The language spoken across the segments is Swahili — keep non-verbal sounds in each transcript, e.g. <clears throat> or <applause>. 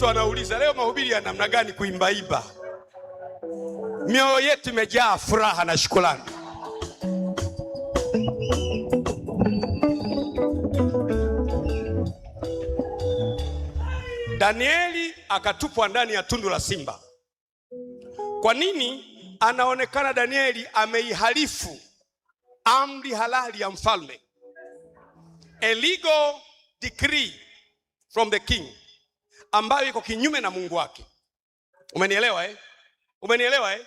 mtu anauliza leo mahubiri ya namna gani? Kuimbaimba, mioyo yetu imejaa furaha na shukrani. Danieli akatupwa ndani ya tundu la simba. Kwa nini? Anaonekana Danieli ameihalifu amri halali ya mfalme, a legal decree from the king ambayo iko kinyume na Mungu wake. Umenielewa eh? Umenielewa eh?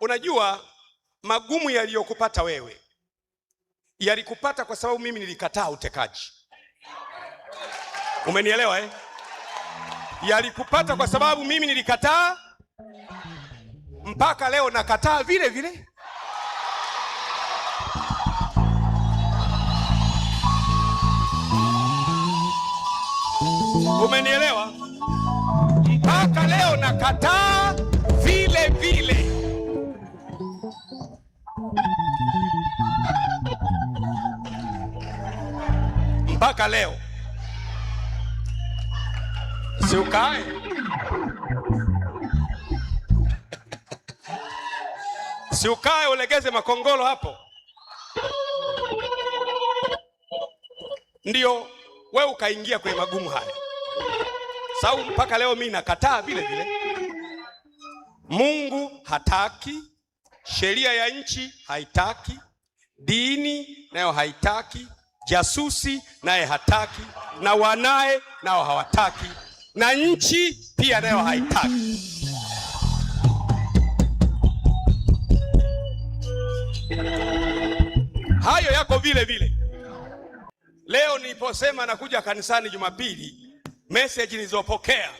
Unajua magumu yaliyokupata wewe yalikupata kwa sababu mimi nilikataa utekaji. Umenielewa eh? Yalikupata kwa sababu mimi nilikataa, mpaka leo nakataa vile vile. Umenielewa? Mpaka leo nakataa vile vile. Mpaka leo si ukae si ukae, ulegeze makongolo hapo, ndio we ukaingia kwenye magumu haya. Sababu mpaka leo mimi nakataa vile vile. Mungu hataki, sheria ya nchi haitaki, dini nayo haitaki, jasusi naye hataki, na wanaye nao hawataki, na nchi pia nayo haitaki. Hayo yako vile vile. Leo niliposema nakuja kanisani Jumapili message nilizopokea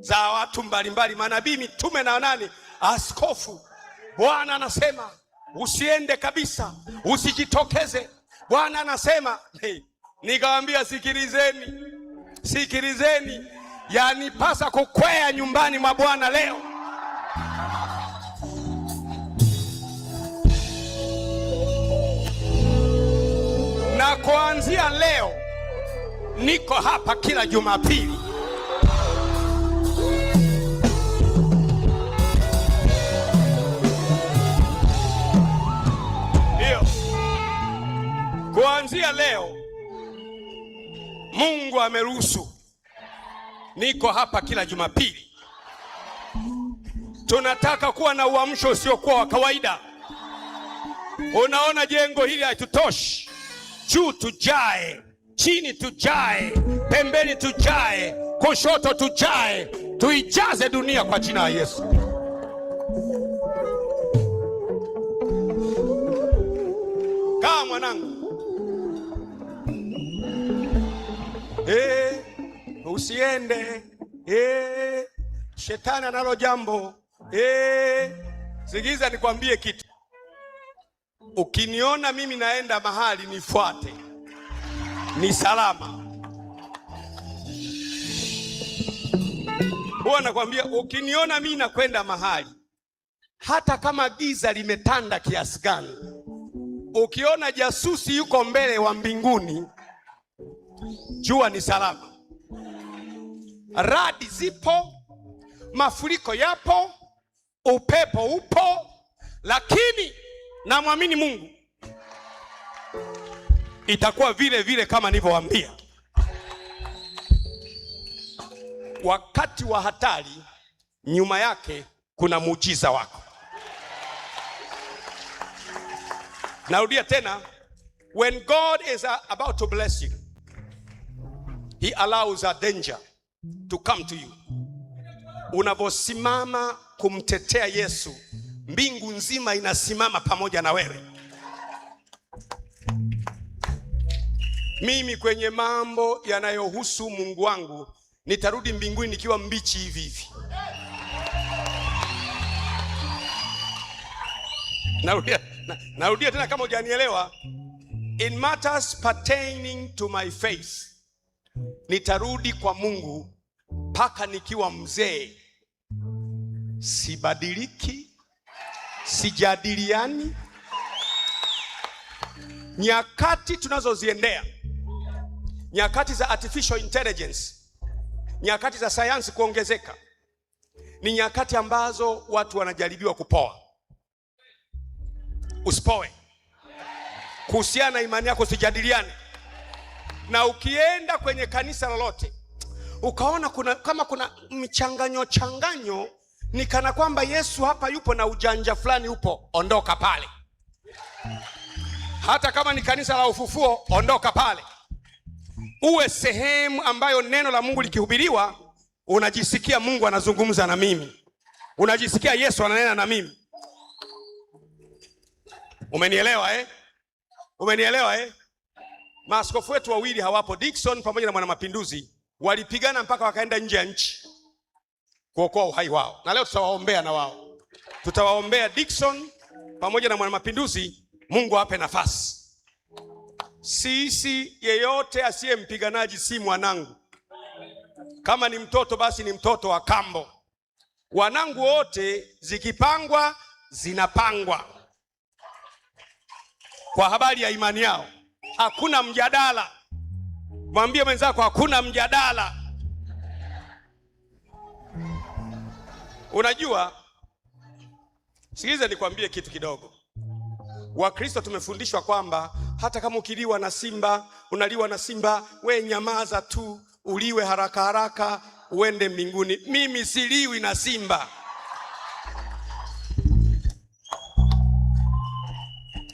za watu mbalimbali, manabii, mitume na nani, askofu. Bwana anasema usiende kabisa, usijitokeze. Bwana anasema hey, nikawambia sikilizeni, sikilizeni, yanipasa kukwea nyumbani mwa Bwana leo. Na kuanzia leo niko hapa kila Jumapili. Ndio, kuanzia leo Mungu ameruhusu niko hapa kila Jumapili. Tunataka kuwa na uamsho usiokuwa wa kawaida. Unaona jengo hili haitutoshi, juu tujae chini tujae, pembeni tujae, kushoto tujae, tuijaze dunia kwa jina la Yesu. Kaa mwanangu, eh, usiende eh, shetani analo jambo eh. Sikiza nikwambie kitu, ukiniona mimi naenda mahali nifuate ni salama. Huwa nakwambia ukiniona mimi nakwenda mahali, hata kama giza limetanda kiasi gani, ukiona jasusi yuko mbele wa mbinguni, jua ni salama. Radi zipo, mafuriko yapo, upepo upo, lakini namwamini Mungu itakuwa vile vile kama nilivyowaambia. Wakati wa hatari, nyuma yake kuna muujiza wako. Narudia tena, when God is about to bless you he allows a danger to come to you. Unavyosimama kumtetea Yesu, mbingu nzima inasimama pamoja na wewe. Mimi kwenye mambo yanayohusu Mungu wangu nitarudi mbinguni nikiwa mbichi hivi hivi. Narudia, narudia tena kama hujanielewa. In matters pertaining to my faith nitarudi kwa Mungu mpaka nikiwa mzee, sibadiliki, sijadiliani. Nyakati tunazoziendea nyakati za artificial intelligence, nyakati za sayansi kuongezeka, ni nyakati ambazo watu wanajaribiwa kupoa. Usipoe kuhusiana na imani yako, usijadiliane. Na ukienda kwenye kanisa lolote ukaona kuna, kama kuna michanganyo changanyo, ni kana kwamba Yesu hapa yupo na ujanja fulani upo, ondoka pale. Hata kama ni kanisa la ufufuo, ondoka pale uwe sehemu ambayo neno la Mungu likihubiriwa unajisikia Mungu anazungumza na mimi, unajisikia Yesu ananena na mimi. Umenielewa eh? Umenielewa eh? Maaskofu wetu wawili hawapo, Dickson pamoja na mwanamapinduzi walipigana mpaka wakaenda nje ya nchi kuokoa uhai wao, na leo tutawaombea na wao, tutawaombea Dickson pamoja na mwanamapinduzi, Mungu awape nafasi. Sisi yeyote asiye mpiganaji si mwanangu. Kama ni mtoto basi ni mtoto wa kambo. Wanangu wote zikipangwa zinapangwa kwa habari ya imani yao, hakuna mjadala. Mwambie mwenzako hakuna mjadala. Unajua, sikiliza nikwambie kitu kidogo. Wakristo tumefundishwa kwamba hata kama ukiliwa na simba, unaliwa na simba, we nyamaza tu, uliwe haraka haraka, uende mbinguni. Mimi siliwi na simba,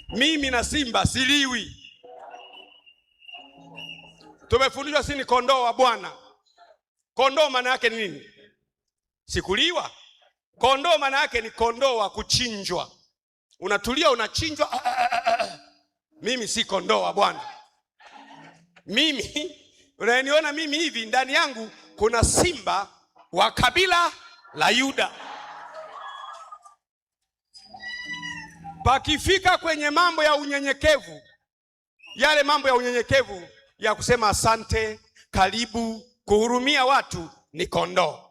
mimi na simba siliwi. Tumefundishwa si ni kondoo wa Bwana. Kondoo maana yake ni nini? Sikuliwa. Kondoo maana yake ni kondoo wa kuchinjwa unatulia, unachinjwa. Ah, ah, ah, mimi si kondoa bwana, mimi unaniona mimi hivi, ndani yangu kuna simba wa kabila la Yuda. Pakifika kwenye mambo ya unyenyekevu, yale mambo ya unyenyekevu ya kusema asante, karibu, kuhurumia watu ni kondoo.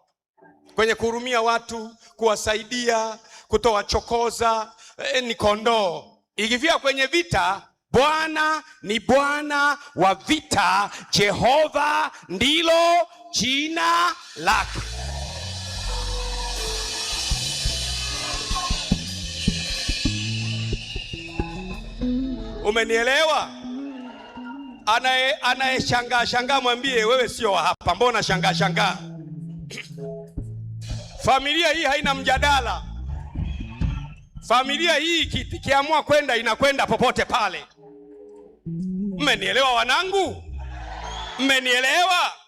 Kwenye kuhurumia watu, kuwasaidia, kutoa chokoza, eh, ni kondoo. Ikifika kwenye vita, Bwana ni Bwana wa vita, Jehova ndilo jina lake. Umenielewa? Anaye anayeshangaa shangaa mwambie wewe sio wa hapa, mbona shangaa shangaa? <clears throat> Familia hii haina mjadala. Familia hii ikiamua kwenda inakwenda popote pale. Mmenielewa wanangu? Mmenielewa?